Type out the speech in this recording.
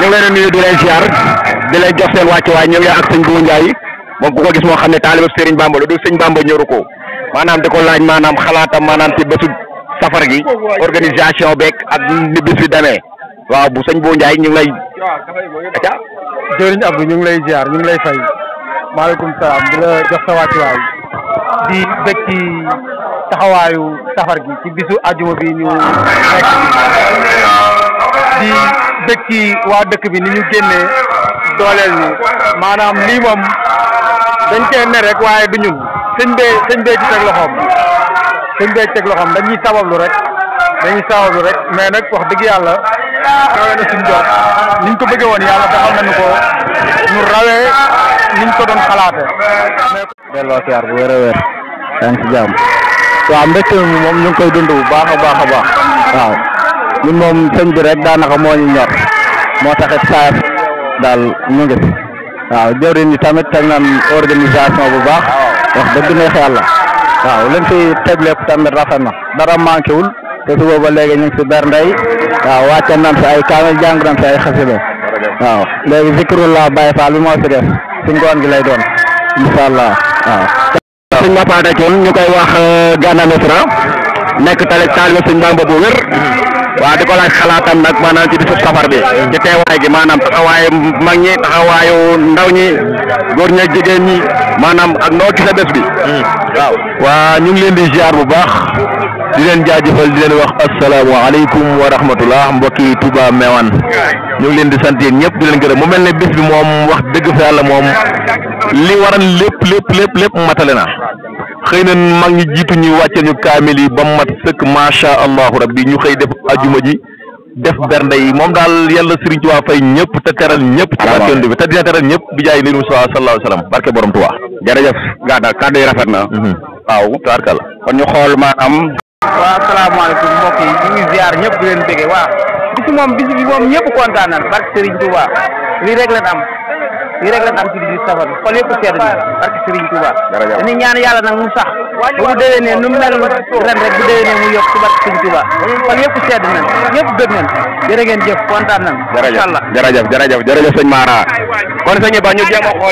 ñu ngi leen nuyu di leen ziar di leen jox seen wàcc waay ñëw yaa ak sëñ Bou Ndiaye moom ku ko gis moo xam ne taaliba Serigne Bamba la du sëñ Bamba ñëru ko maanaam di ko laaj maanaam xalaatam maanaam ci bésu safar gi organisation beeg ak ni bis bi demee waaw bu sëñ ñu ngi lay. jëriñ Abdou ñu ngi lay ziar ñu ngi lay fay maaleykum salaam di la jox sa wàcc waay di bëgg ci taxawaayu safar gi ci bisu bi ñu nekk di bëgg ci waa dëkk bi ni ñu génnee dooleel ñu maanaam lii moom dañ cee ne rek waaye du ñun sëñ bee sëñ bee ci teg loxoom sëñ bee ci teg loxoom dañuy sabablu rek dañuy sabablu rek mais nag wax dëgg yàlla rawee na suñ jot niñ ko bëggee woon yàlla defal nañu ko ñu rawee niñ ko doon xalaate delloo siyaar bu wér a wér yaa ngi si jàmm waaw moom ñu koy dund bu baax a baax a baax ñun moom sëñ bi rek daanaka moo ñu ñor moo taxit saaf daal mu ngi fi waaw jëwriñ ñi tamit teg nañ organisation bu baax wax dëgg neex yàlla waaw leen fi teg lépp tamit rafet na dara manqué wul te suba ba léegi ñu ngi fi berndey waaw wàcce nañ fi ay kaamil jàng nañ fi ay xasida waaw léegi zikrullah Baye Fall bi moo fi def si ngoon gi lay doon incha allah waaw. suñ ma paate ñu koy wax euh, Gana Messere nekk talit taal bi suñ Bamba bu wér. waaw di ko laaj xalaatam nag maanaam ci bisu safar bi ci teewaay gi maanaam taxawaayu mag ñi taxawaayu ndaw ñi góor ñi ak jigéen ñi maanaam ak noo gisee bés bi hmm. waa ñu ngi leen di ziar bu baax di leen jaajëfal di leen wax assalaamu aleykum wa rahmatullah mbokki Touba Mewane ñu ngi leen di sant yéen ñëpp di leen gërëm mu mel ne bés bi moom wax dëgg fa yàlla moom li waral lépp lépp lépp lépp matale na xëy na mag ñi jiitu ñu wàccee ñu kaamil yi ba mat sëkk macha allahu rabbi ñu xëy def ajuma ji def bernde yi moom daal yàlla Sëriñ Tuubaa fay ñëpp te teral ñëpp ci bi te dina teral ñëpp bi jaay nabi sallallahu alayhi wasallam barke borom Tuubaa jërëjëf gàdda kàddu yi rafet na mhm. waaw tabarkalla kon ñu xool maanaam waa asalaamaaleykum mbokk yi ñu ngi ziar ñëpp di leen bëggee waa bis moom bis bi moom ñëpp kontaan na barke Sëriñ Tuubaa lii rek lañ am lii rek lañ am ci biir safar bi xol yëpp sedd na barke Serigne Touba dañuy ñaan yàlla nag mu sax ba bu rek bu déwénee mu yokk ci barke Serigne Touba xol yëpp sedd nañ ñëpp bëgg nañ jërë ngeen jëf kontaan nañ incha allah jërëjëf jërëjëf jërëjëf sëñ Mara kon sëñ Ba ñu jéem a